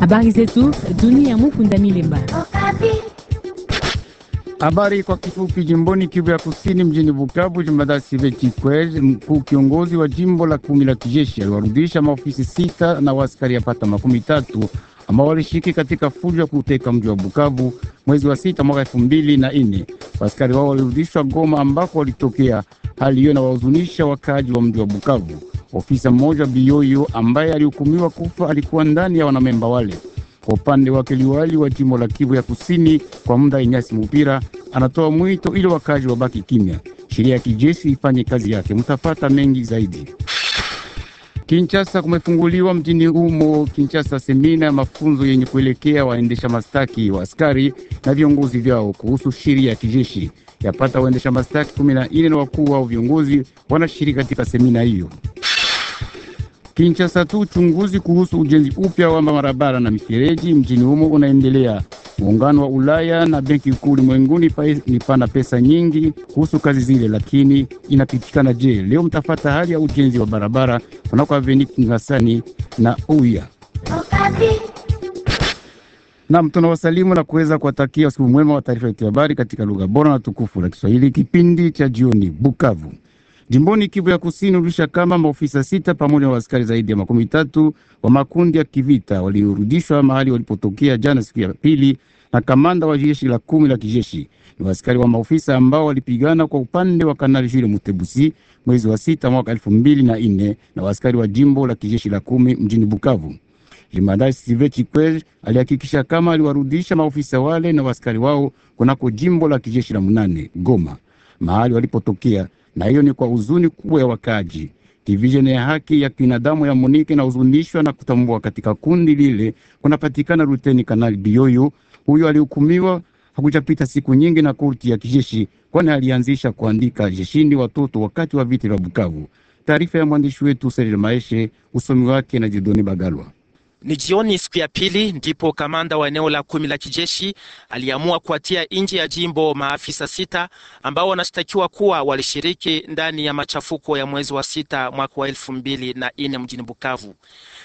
Habari zetu dunia. Mukunda Milemba. Habari kwa kifupi. Jimboni Kivu ya Kusini, mjini Bukavu, jemadari Sylvain Chikwege, mkuu kiongozi wa jimbo la kumi la kijeshi, aliwarudisha maofisi sita na waaskari yapata makumi tatu ambao walishiriki katika fujo ya kuteka mji wa Bukavu mwezi wa sita mwaka elfu mbili na nne. Waaskari wao walirudishwa Goma ambako walitokea. Hali hiyo inawahuzunisha wakaaji wa mji wa Bukavu. Ofisa mmoja wa Biyoyo ambaye alihukumiwa kufa alikuwa ndani ya wanamemba wale. Kwa upande wake, liwali wa jimbo la Kivu ya Kusini kwa muda Inyasi Mupira anatoa mwito ili wakazi wabaki kimya, sheria ya kijeshi ifanye kazi yake. Mtapata mengi zaidi. kinchasa kumefunguliwa mjini humo kinchasa semina ya mafunzo yenye kuelekea waendesha mastaki wa askari na viongozi vyao kuhusu sheria ya kijeshi. Yapata waendesha mastaki kumi na nne na wakuu wao viongozi wanashiriki katika semina hiyo. Kinshasa tu uchunguzi kuhusu ujenzi upya wa barabara na mifereji mjini humo unaendelea. Muungano wa Ulaya na Benki Kuu Ulimwenguni pana pesa nyingi kuhusu kazi zile, lakini inapitikana je? Leo mtafata hali ya ujenzi wa barabara unako aveni Kingasani na Uya. Nam, tunawasalimu na kuweza kuwatakia usiku mwema wa taarifa ya habari katika lugha bora na tukufu la Kiswahili, kipindi cha jioni Bukavu. Jimboni Kivu ya Kusini ulisha kama maofisa sita pamoja na askari zaidi ya makumi tatu wa makundi ya kivita waliorudishwa mahali walipotokea jana siku ya pili na kamanda wa jeshi la kumi la kijeshi. Ni askari wa maofisa ambao walipigana kwa upande wa Kanali Jules Mutebusi mwezi wa sita mwaka elfu mbili na nne na askari wa jimbo la kijeshi la kumi mjini Bukavu. Limadari Sive Chikwel alihakikisha kama aliwarudisha maofisa wale na askari wao kunako jimbo la kijeshi la munane Goma mahali walipotokea na hiyo ni kwa huzuni kubwa ya wakaji. Division ya haki ya binadamu ya Monike inahuzunishwa na kutambua katika kundi lile kunapatikana Luteni Kanali Bioyo. Huyo alihukumiwa hakujapita siku nyingi na korti ya kijeshi, kwani alianzisha kuandika jeshini watoto wakati wa vita vya Bukavu. Taarifa ya mwandishi wetu Seril Maeshe, usomi wake na Jidoni Bagalwa. Ni jioni siku ya pili ndipo kamanda wa eneo la kumi la kijeshi aliamua kuatia nje ya jimbo maafisa sita ambao wanashtakiwa kuwa walishiriki ndani ya machafuko ya mwezi wa sita mwaka wa elfu mbili na nne mjini Bukavu.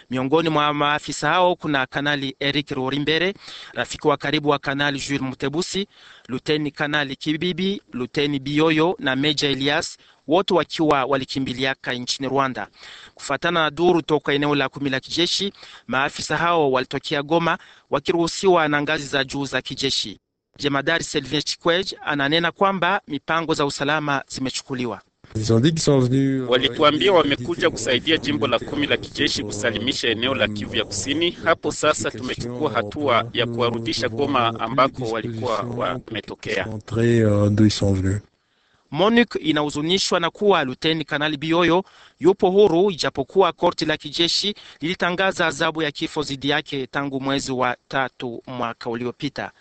Miongoni mwa maafisa hao kuna Kanali Eric Rorimbere, rafiki wa karibu wa Kanali Jules Mutebusi, Luteni Kanali Kibibi, Luteni Bioyo na Meja Elias wote wakiwa walikimbiliaka nchini Rwanda. Kufuatana na duru toka eneo la kumi la kijeshi, maafisa hao walitokea Goma wakiruhusiwa na ngazi za juu za kijeshi. Jemadari Selvin Chikwej ananena kwamba mipango za usalama zimechukuliwa. Walituambia wamekuja kusaidia jimbo la kumi la kijeshi kusalimisha eneo la Kivu ya Kusini. Hapo sasa tumechukua hatua ya kuwarudisha Goma ambako walikuwa wametokea. MONUC inahuzunishwa na kuwa Luteni Kanali Bioyo yupo huru ijapokuwa korti la kijeshi lilitangaza adhabu ya kifo dhidi yake tangu mwezi wa tatu mwaka uliopita.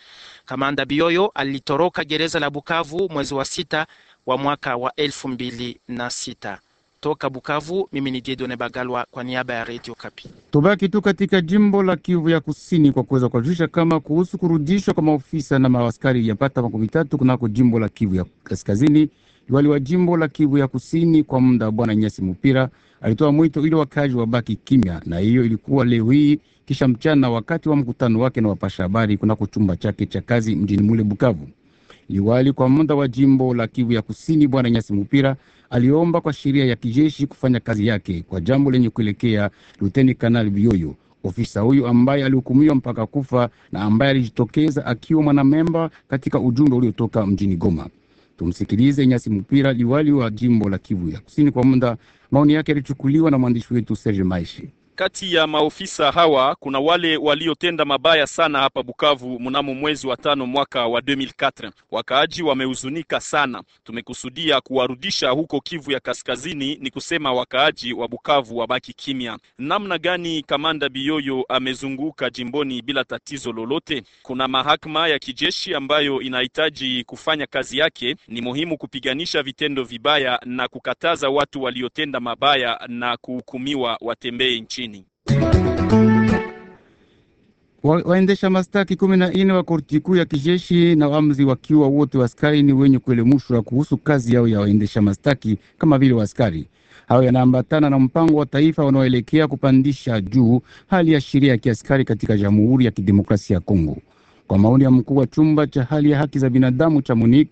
Kamanda Bioyo alitoroka gereza la Bukavu mwezi wa sita wa mwaka wa elfu mbili na sita. Toka Bukavu, mimi ni Gideon Bagalwa kwa niaba ya Radio Kapi. Tubaki tu katika jimbo la Kivu ya Kusini kwa kuweza kuwajulisha kama kuhusu kurudishwa kwa maofisa na maaskari yapata makumi tatu kunako jimbo la Kivu ya Kaskazini. Liwali wa jimbo la Kivu ya Kusini kwa muda wa Bwana Nyasi Mupira alitoa mwito ili wakazi wabaki kimya, na hiyo ilikuwa leo hii kisha mchana, wakati wa mkutano wake na wapasha habari kunako chumba chake cha kazi mjini mule Bukavu. Liwali kwa muda wa jimbo la Kivu ya Kusini Bwana Nyasi Mupira aliomba kwa sheria ya kijeshi kufanya kazi yake kwa jambo lenye kuelekea luteni kanali Bioyo. Ofisa huyu ambaye alihukumiwa mpaka kufa na ambaye alijitokeza akiwa mwanamemba katika ujumbe uliotoka mjini Goma. Tumsikilize Nyasi mpira liwali wa jimbo la Kivu ya Kusini kwa muda. Maoni yake yalichukuliwa na mwandishi wetu Serge Maishi. Kati ya maofisa hawa kuna wale waliotenda mabaya sana hapa Bukavu mnamo mwezi wa tano mwaka wa 2004. Wakaaji wamehuzunika sana. Tumekusudia kuwarudisha huko Kivu ya Kaskazini, ni kusema wakaaji wa Bukavu wabaki kimya. Namna gani kamanda Biyoyo amezunguka jimboni bila tatizo lolote? Kuna mahakama ya kijeshi ambayo inahitaji kufanya kazi yake. Ni muhimu kupiganisha vitendo vibaya na kukataza watu waliotenda mabaya na kuhukumiwa watembee nchini waendesha mastaki kumi na nne wa korti kuu ya kijeshi na wamzi wakiwa wote waskari ni wenye kuelemushwa kuhusu kazi yao ya waendesha mastaki kama vile waskari hayo yanaambatana na mpango wa taifa unaoelekea kupandisha juu hali ya sheria ya kiaskari katika Jamhuri ya Kidemokrasia ya Kongo. Kwa maoni ya mkuu wa chumba cha hali ya haki za binadamu cha MONUC,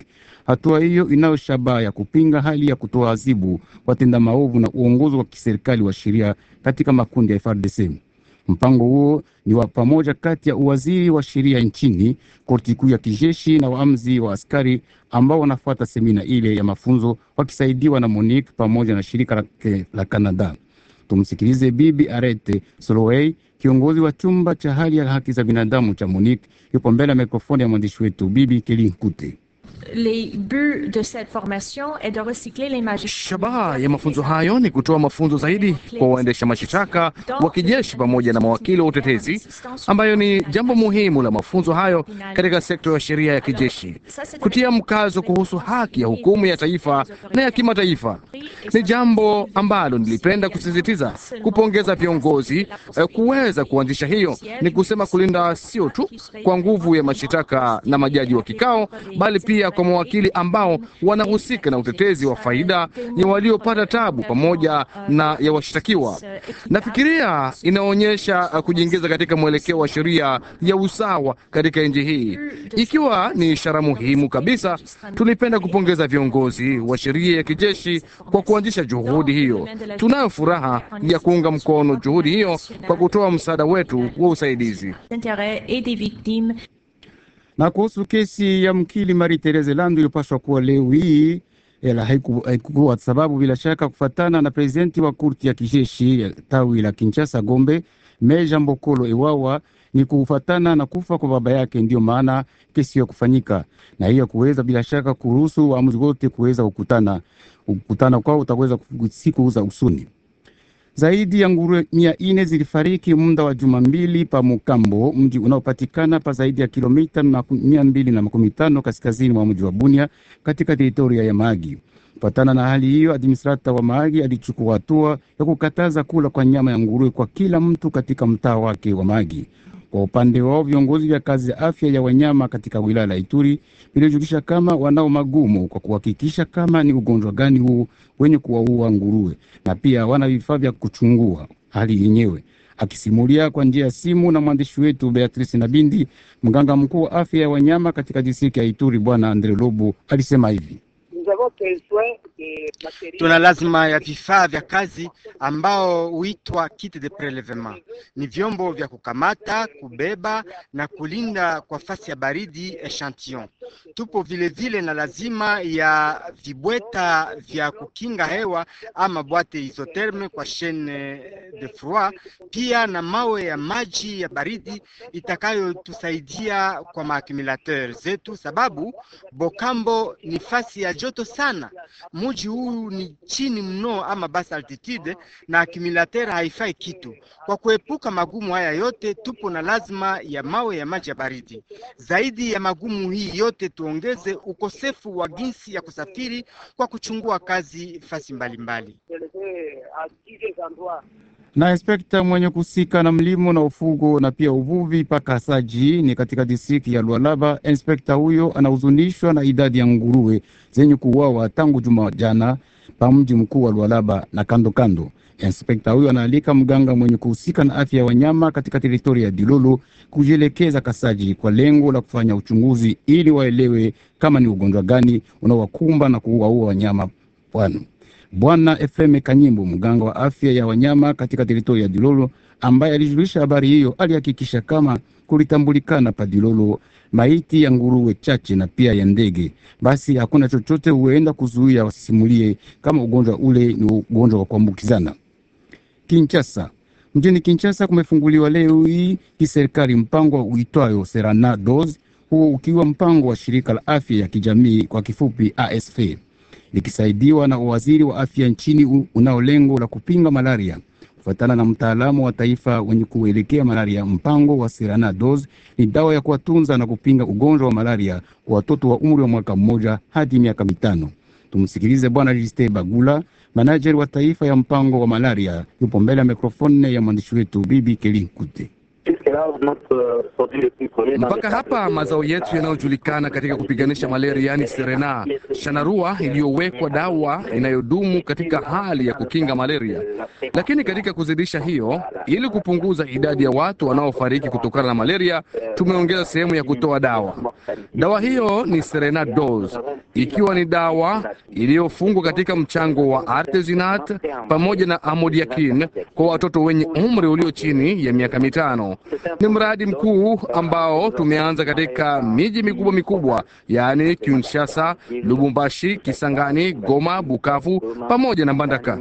hatua hiyo inayo shabaha ya kupinga hali ya kutoa adhabu watenda maovu na uongozi wa kiserikali wa sheria katika makundi ya FARDC. Mpango huo ni wa pamoja kati ya uwaziri wa sheria nchini, korti kuu ya kijeshi na waamzi wa askari ambao wanafuata semina ile ya mafunzo wakisaidiwa na Monique pamoja na shirika la, la Canada. Tumsikilize Bibi Arete Solowey, kiongozi wa chumba cha hali ya haki za binadamu cha Monique, yupo mbele ya mikrofoni ya mwandishi wetu Bibi Kelinkute les buts de cette formation est de recycler les magistrats. Shabaha ya mafunzo hayo ni kutoa mafunzo zaidi kwa waendesha mashitaka wa kijeshi pamoja na mawakili wa utetezi, ambayo ni jambo muhimu la mafunzo hayo katika sekta ya sheria ya kijeshi, kutia mkazo kuhusu haki ya hukumu ya taifa na ya kimataifa. Ni jambo ambalo nilipenda kusisitiza, kupongeza viongozi eh, kuweza kuanzisha hiyo. Ni kusema kulinda sio tu kwa nguvu ya mashitaka na majaji wa kikao, bali pia kwa mawakili ambao wanahusika na utetezi wa faida ya waliopata tabu pamoja na ya washtakiwa. Nafikiria inaonyesha uh, kujiingiza katika mwelekeo wa sheria ya usawa katika nchi hii, ikiwa ni ishara muhimu kabisa. Tulipenda kupongeza viongozi wa sheria ya kijeshi kwa kuanzisha juhudi hiyo. Tunayo furaha ya kuunga mkono juhudi hiyo kwa kutoa msaada wetu wa usaidizi. Na kuhusu kesi ya mkili Mari Tereze Landu ilipaswa kuwa leo hii ela haikuwa sababu, bila shaka, kufatana na prezidenti wa kurti ya kijeshi tawi la Kinshasa Gombe, Meja Mbokolo Iwawa, ni kufatana na kufa kwa baba yake, ndiyo maana kesi hiyo kufanyika, na hiyo kuweza bila shaka kuruhusu waamuzi wote kuweza kukutana. Kukutana kwao utaweza siku za usuni zaidi ya nguruwe mia ine zilifariki muda wa juma mbili pa Mukambo, mji unaopatikana pa zaidi ya kilomita mia mbili na makumi tano kaskazini mwa mji wa Bunia katika teritoria ya magi Kufatana na hali hiyo, administrata wa magi alichukua hatua ya kukataza kula kwa nyama ya nguruwe kwa kila mtu katika mtaa wake wa magi kwa upande wao viongozi vya kazi ya afya ya wanyama katika wilaya la Ituri vilijulisha kama wanao magumu kwa kuhakikisha kama ni ugonjwa gani huu wenye kuwaua nguruwe, na pia wana vifaa vya kuchungua hali yenyewe. Akisimulia kwa njia ya simu na mwandishi wetu Beatrice Nabindi, mganga mkuu wa afya ya wanyama katika distrikti ya Ituri, bwana Andre Lobo alisema hivi tuna lazima ya vifaa vya kazi ambao huitwa kit de prelevement, ni vyombo vya kukamata, kubeba na kulinda kwa fasi ya baridi echantillon. Tupo vilevile vile na lazima ya vibweta vya kukinga hewa ama bwate isotherme kwa chaîne de froid, pia na mawe ya maji ya baridi itakayotusaidia kwa maakumulateur zetu, sababu Bokambo ni fasi ya joto moto sana. Mji huu ni chini mno, ama basi altitude na akimilatera haifai kitu. Kwa kuepuka magumu haya yote, tupo na lazima ya mawe ya maji ya baridi. Zaidi ya magumu hii yote, tuongeze ukosefu wa jinsi ya kusafiri kwa kuchungua kazi fasi mbalimbali mbali na inspekta mwenye kusika na mlimo na ufugo na pia uvuvi paka Saji ni katika distrikti ya Lualaba. Inspekta huyo anahuzunishwa na idadi ya nguruwe zenye kuuawa tangu juma jana pa mji mkuu wa Lualaba na kando kando. Inspekta huyo anaalika mganga mwenye kuhusika na afya ya wanyama katika teritoria ya Dilolo kujielekeza Kasaji kwa lengo la kufanya uchunguzi ili waelewe kama ni ugonjwa gani unaowakumba na kuuaua wanyama pwani. Bwana FM Kanyimbu, mganga wa afya ya wanyama katika teritoria ya Dilolo, ambaye alijulisha habari hiyo, alihakikisha kama kulitambulikana pa Dilolo maiti ya nguruwe chache na pia ya ndege. Basi hakuna chochote huenda kuzuia wasisimulie kama ugonjwa ule ni ugonjwa wa kuambukizana. kinchasa mjini kinchasa kumefunguliwa leo hii kiserikali mpango uitwayo Serana Dose, huo ukiwa mpango wa shirika la afya ya kijamii kwa kifupi ASF likisaidiwa na uwaziri wa afya nchini unao lengo la kupinga malaria. Kufuatana na mtaalamu wa taifa wenye kuelekea malaria, mpango wa Seranados ni dawa ya kuwatunza na kupinga ugonjwa wa malaria kwa watoto wa umri wa mwaka mmoja hadi miaka mitano. Tumsikilize Bwana Jiste Bagula, manajeri wa taifa ya mpango wa malaria, yupo mbele ya mikrofone ya mwandishi wetu Bibi Kelinkute. Uh, Mpaka hapa mazao yetu yanayojulikana katika kupiganisha malaria yani serena shanarua iliyowekwa dawa inayodumu katika hali ya kukinga malaria. Lakini katika kuzidisha hiyo, ili kupunguza idadi ya watu wanaofariki kutokana na malaria, tumeongeza sehemu ya kutoa dawa. Dawa hiyo ni serena dose, ikiwa ni dawa iliyofungwa katika mchango wa artesinat pamoja na amodiakin kwa watoto wenye umri ulio chini ya miaka mitano ni mradi mkuu ambao tumeanza katika miji mikubwa mikubwa, yaani Kinshasa, Lubumbashi, Kisangani, Goma, Bukavu pamoja na Mbandaka.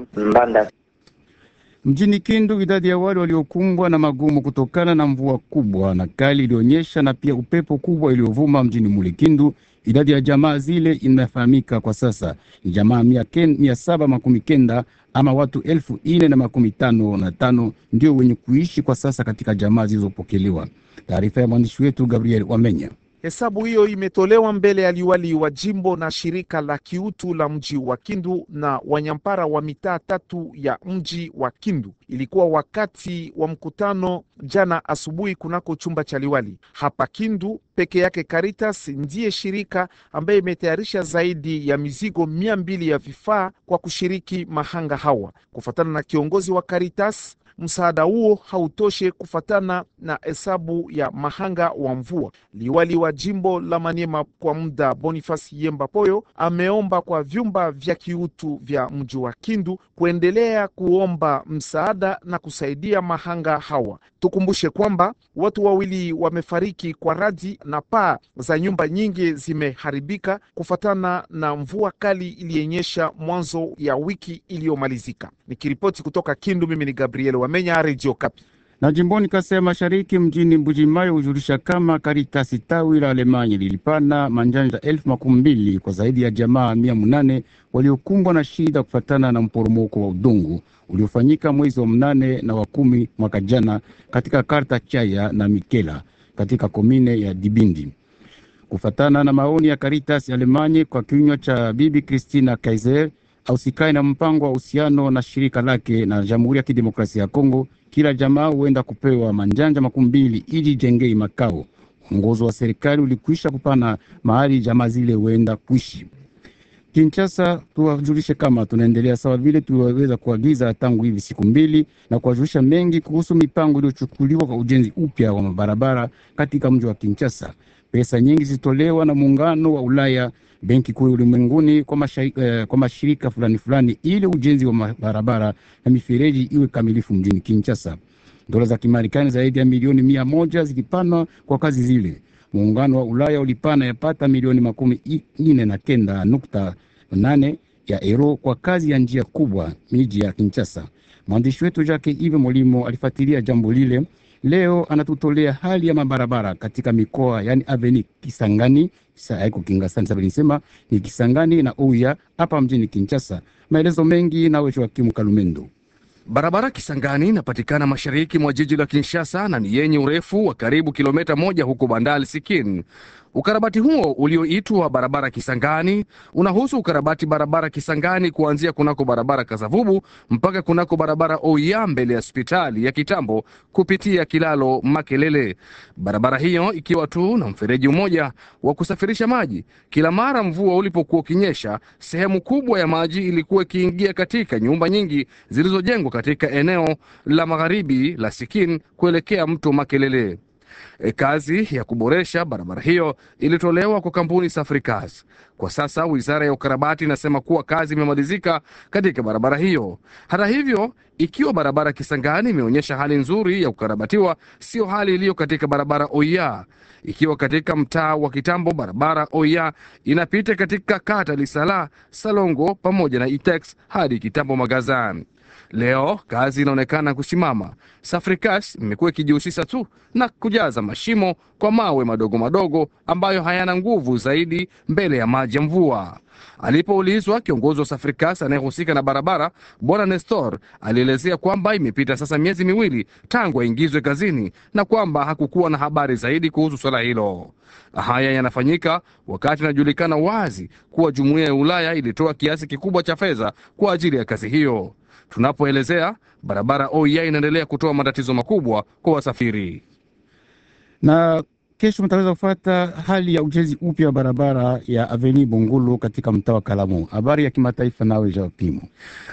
Mjini Kindu, idadi ya wale waliokumbwa na magumu kutokana na mvua kubwa na kali iliyonyesha na pia upepo kubwa iliyovuma mjini muli Kindu Idadi ya jamaa zile inafahamika kwa sasa ni jamaa mia, ken, mia saba makumi kenda ama watu elfu ine na makumi tano na tano ndio wenye kuishi kwa sasa katika jamaa zilizopokelewa. Taarifa ya mwandishi wetu Gabriel Wamenya. Hesabu hiyo imetolewa mbele ya liwali wa jimbo na shirika la kiutu la mji wa Kindu na wanyampara wa mitaa tatu ya mji wa Kindu. Ilikuwa wakati wa mkutano jana asubuhi kunako chumba cha liwali hapa Kindu. Peke yake Caritas ndiye shirika ambaye imetayarisha zaidi ya mizigo mia mbili ya vifaa kwa kushiriki mahanga hawa, kufuatana na kiongozi wa Caritas msaada huo hautoshe kufatana na hesabu ya mahanga wa mvua. Liwali wa jimbo la Maniema kwa muda bonifasi Yemba Poyo ameomba kwa vyumba vya kiutu vya mji wa Kindu kuendelea kuomba msaada na kusaidia mahanga hawa. Tukumbushe kwamba watu wawili wamefariki kwa radi na paa za nyumba nyingi zimeharibika kufatana na mvua kali iliyenyesha mwanzo ya wiki iliyomalizika. Nikiripoti kutoka Kindu, mimi ni Gabriel wa wamenya Radio Kapi na jimboni Kasai ya Mashariki mjini Mbujimayo hujulisha kama Karitasi tawi la Alemanya lilipana manjanja elfu makumi mbili kwa zaidi ya jamaa mia munane waliokumbwa na shida kufatana na mporomoko wa udongo uliofanyika mwezi wa mnane na wa kumi mwaka jana katika karta Chaya na Mikela katika komine ya Dibindi. Kufatana na maoni ya Karitas Alemanye kwa kinywa cha Bibi Christina Kaiser ausikae na mpango wa uhusiano na shirika lake na Jamhuri ya Kidemokrasia ya Kongo. Kila jamaa huenda kupewa manjanja makumi mbili ili jengei makao. Mwongozo wa serikali ulikwisha kupana mahali jamaa zile huenda kuishi. Kinshasa, tuwajulishe kama tunaendelea sawa vile tuliweza kuagiza tangu hivi siku mbili na kuwajulisha mengi kuhusu mipango iliyochukuliwa kwa ujenzi upya wa mabarabara katika mji wa Kinshasa. Pesa nyingi zilitolewa na muungano wa Ulaya, benki kuu ulimwenguni, kwa, eh, kwa mashirika fulani fulani ili ujenzi wa barabara na mifereji iwe kamilifu mjini Kinshasa. Dola za Kimarekani zaidi ya milioni mia moja zilipana kwa kazi zile. Muungano wa Ulaya ulipana yapata milioni makumi nne na kenda nukta nane ya euro kwa kazi ya njia kubwa miji ya Kinshasa. Mwandishi wetu Jake Ive Molimo alifuatilia jambo lile leo anatutolea hali ya mabarabara katika mikoa yani Aveni, Kisangani, saiko Kingasani, sababu nisema ni Kisangani na Uya hapa mjini Kinshasa. Maelezo mengi nawe Joakimu Kalumendo. Barabara Kisangani inapatikana mashariki mwa jiji la Kinshasa na ni yenye urefu wa karibu kilomita moja huko Bandali Sikin. Ukarabati huo ulioitwa barabara Kisangani unahusu ukarabati barabara Kisangani kuanzia kunako barabara Kazavubu mpaka kunako barabara Oya mbele ya hospitali ya Kitambo kupitia kilalo Makelele. Barabara hiyo ikiwa tu na mfereji mmoja wa kusafirisha maji. Kila mara mvua ulipokuwa ukinyesha, sehemu kubwa ya maji ilikuwa ikiingia katika nyumba nyingi zilizojengwa katika eneo la magharibi la Sikin kuelekea mto Makelele. E, kazi ya kuboresha barabara hiyo ilitolewa kwa kampuni safricas Kwa sasa wizara ya ukarabati inasema kuwa kazi imemalizika katika barabara hiyo. Hata hivyo, ikiwa barabara Kisangani imeonyesha hali nzuri ya kukarabatiwa, sio hali iliyo katika barabara Oya. Ikiwa katika mtaa wa Kitambo, barabara Oya inapita katika kata Lisala, Salongo pamoja na Itex hadi Kitambo Magazani. Leo kazi inaonekana kusimama. Safricas imekuwa ikijihusisha tu na kujaza mashimo kwa mawe madogo madogo ambayo hayana nguvu zaidi mbele ya maji ya mvua. Alipoulizwa, kiongozi wa Safrikas anayehusika na barabara Bwana Nestor alielezea kwamba imepita sasa miezi miwili tangu aingizwe kazini na kwamba hakukuwa na habari zaidi kuhusu swala hilo. Haya yanafanyika wakati inajulikana wazi kuwa jumuiya ya Ulaya ilitoa kiasi kikubwa cha fedha kwa ajili ya kazi hiyo. Tunapoelezea barabara OIA inaendelea kutoa matatizo makubwa kwa wasafiri na kesho mtaweza kufuata hali ya ujenzi upya wa barabara ya Aveni Bungulu katika mtaa wa Kalamu. Habari ya kimataifa nawe Japimo.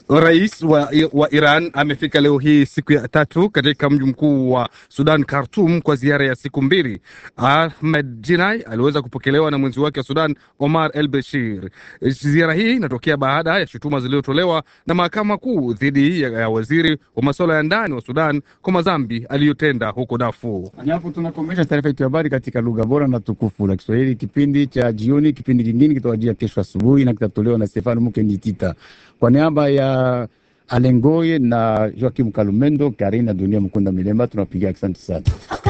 Rais wa, wa Iran amefika leo hii siku ya tatu katika mji mkuu wa Sudan, Khartum, kwa ziara ya siku mbili. Ahmed Jinai aliweza kupokelewa na mwenzi wake wa Sudan, Omar El Bashir. Ziara hii inatokea baada ya shutuma zilizotolewa na mahakama kuu dhidi ya waziri wa masuala ya ndani wa Sudan kwa mazambi aliyotenda huko Darfur. Hapo tunakomesha taarifa yetu habari katika lugha bora na tukufu la Kiswahili. Kipindi cha jioni, kipindi kingine kitawajia kesho asubuhi na kitatolewa na Stefano Mukenditita kwa niaba ya Alengoye na Joakim Kalumendo Karina Dunia Mkunda Milemba, tunapiga asante sana.